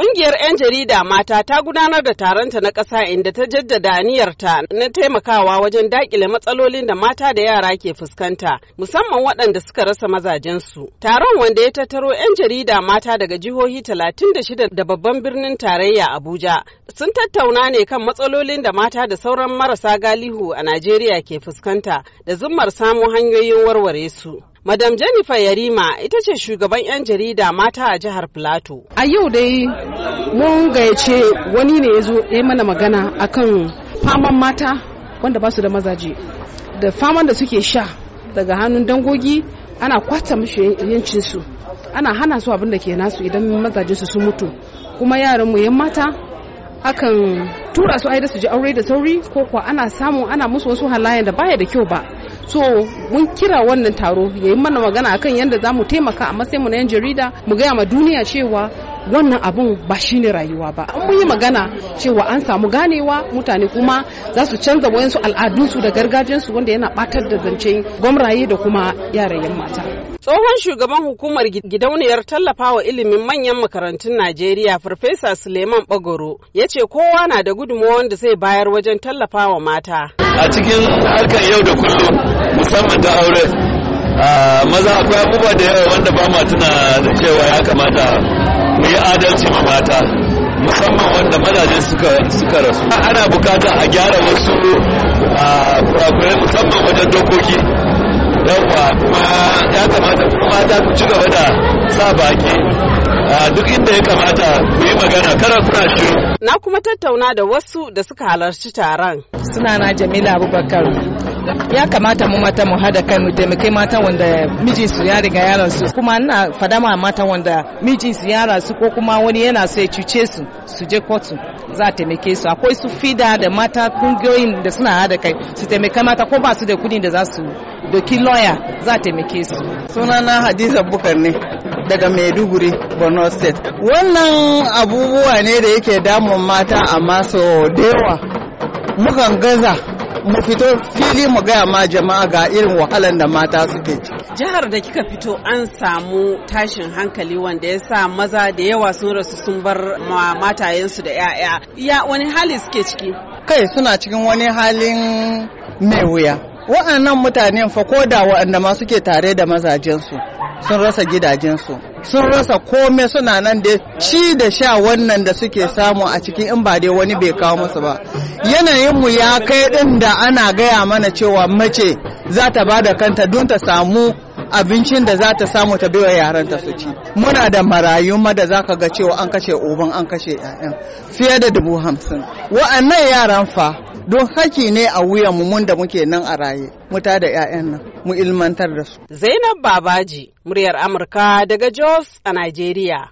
Ƙungiyar 'yan jarida mata ta gudanar da taronta na ƙasa inda ta jaddada aniyarta na taimakawa wajen daƙile matsalolin da mata da yara ke fuskanta, musamman waɗanda suka rasa mazajensu. Taron wanda ya tattaro 'yan jarida mata daga jihohi talatin da shida da babban birnin tarayya Abuja sun tattauna ne kan matsalolin da mata da sauran marasa galihu a Najeriya ke fuskanta da zummar samo hanyoyin warware su. Madam Jennifer Yarima ita ce shugaban 'yan jarida mata a jihar Filato. A yau dai mun gayyace wani ne ya zo ya mana magana akan faman mata wanda ba su da mazaje da faman da suke sha daga hannun dangogi ana kwata musu yancinsu ana hana su abin da ke nasu idan mazajinsu su sun mutu kuma yaran mu yan mata akan tura su aida su ji aure da sauri ko kuwa ana samu ana musu wasu halayen da baya da kyau ba so mun kira wannan taro yayi mana magana akan yadda za mu taimaka a mu na yan jarida mu gaya ma duniya cewa wannan abun ba shine rayuwa ba an yi magana cewa an samu ganewa mutane kuma za su canza wayansu al'adunsu da gargajiyansu wanda yana batar da zancen gwamraye da kuma yarayen mata tsohon shugaban hukumar gidauniyar tallafawa ilimin manyan makarantun najeriya farfesa suleiman bagoro ya ce kowa na da gudunmawar da zai bayar wajen tallafawa mata a cikin harkar yau da kullum musamman ta aure maza akwai abubuwa da yawa wanda ba ma tuna da cewa ya kamata mu yi adalci ma mata musamman wanda mazaje suka suka rasu ana bukata a gyara wasu kurakurai musamman wajen dokoki yawa kuma ya kamata kuma mata ku ci gaba da sa baki duk inda ya kamata ku yi magana kara kuna shiru na kuma tattauna da wasu da suka halarci taron sunana jamila abubakar ya kamata mu mata mu hada kai mu taimake mata wanda mijinsu ya riga yaro su. kuma ina fada ma mata wanda mijinsu yara su ko kuma wani yana sai cucesu cuce su su je kotu za a taimake su akwai su fida da mata kungiyoyin da suna hada kai su taimake mata ko ba su da kudin da za su doki lawyer za a taimake su sunana hadiza bukar ne daga maiduguri borno state wannan abubuwa ne da yake damun mata amma so dewa mukan gaza mu fito fili mu gaya ma jama'a ga irin wahalan da mata suke ci. Jihar da kika fito an samu tashin hankali wanda ya sa maza da yawa sun rasu sun bar matayensu da 'ya'ya. Ya wani hali suke ciki? Kai suna cikin wani halin mai wuya. Wa'annan mutane fa ko da wa'anda ma suke tare da mazajensu sun rasa gidajensu sun rasa komai suna nan da ci da sha wannan da suke samu a cikin in ba dai wani bai kawo musu ba yanayinmu ya kai din da ana gaya mana cewa mace za ta ba da kanta don ta samu abincin da za ta samu ta baiwa yaranta su ci muna da marayu ma da za ka ga cewa an kashe uban an kashe 'ya'yan fiye da dubu hamsin wa'annan yaran fa don haki ne a wuyan mu mun da muke nan a raye ta da 'ya'yan nan mu ilmantar da su zainab babaji muryar amurka daga jos a najeriya